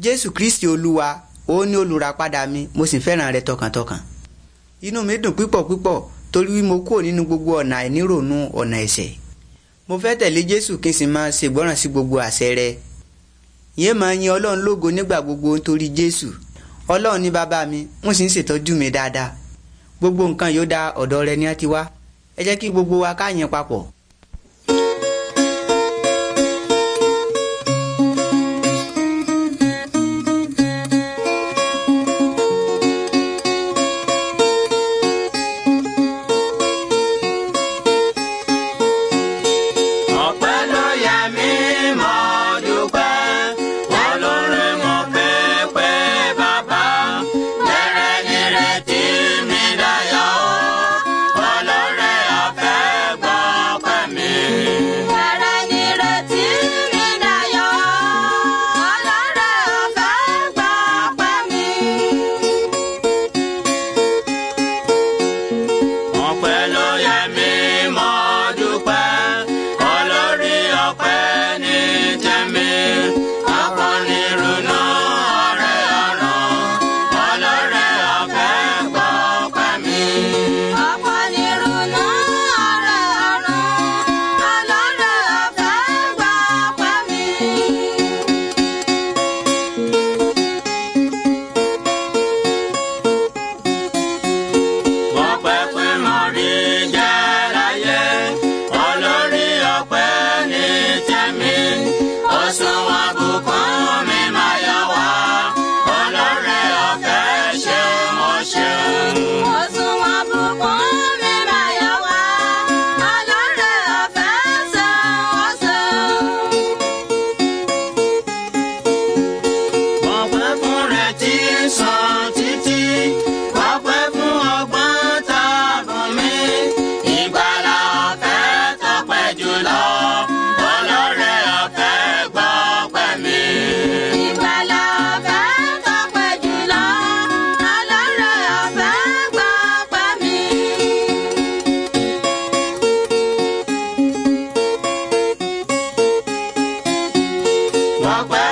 jésù kristi olúwa ó ní olùràpadà mi mo sì fẹ́ràn rẹ tọkàntọkàn inú mi dùn pípọ̀ pípọ̀ torí mo kúrò nínú gbogbo ọ̀nà àìníròónú ọ̀nà ẹ̀ṣẹ̀ mo fẹ́ tẹ̀lé jésù kí n sì máa ṣègbọ́ràn sí gbogbo àṣẹ rẹ yéé máa yin ọlọ́run lógo nígbà gbogbo nítorí jésù ọlọ́run ní bàbá mi wọ́n sì ń ṣètọ́jú mi dáadáa gbogbo nǹkan yóò da ọ̀dọ̀ rẹ ní á ti ẹ jẹ́ kí gbogbo wa ká papọ̀ ọpẹ́. Ọpẹ́.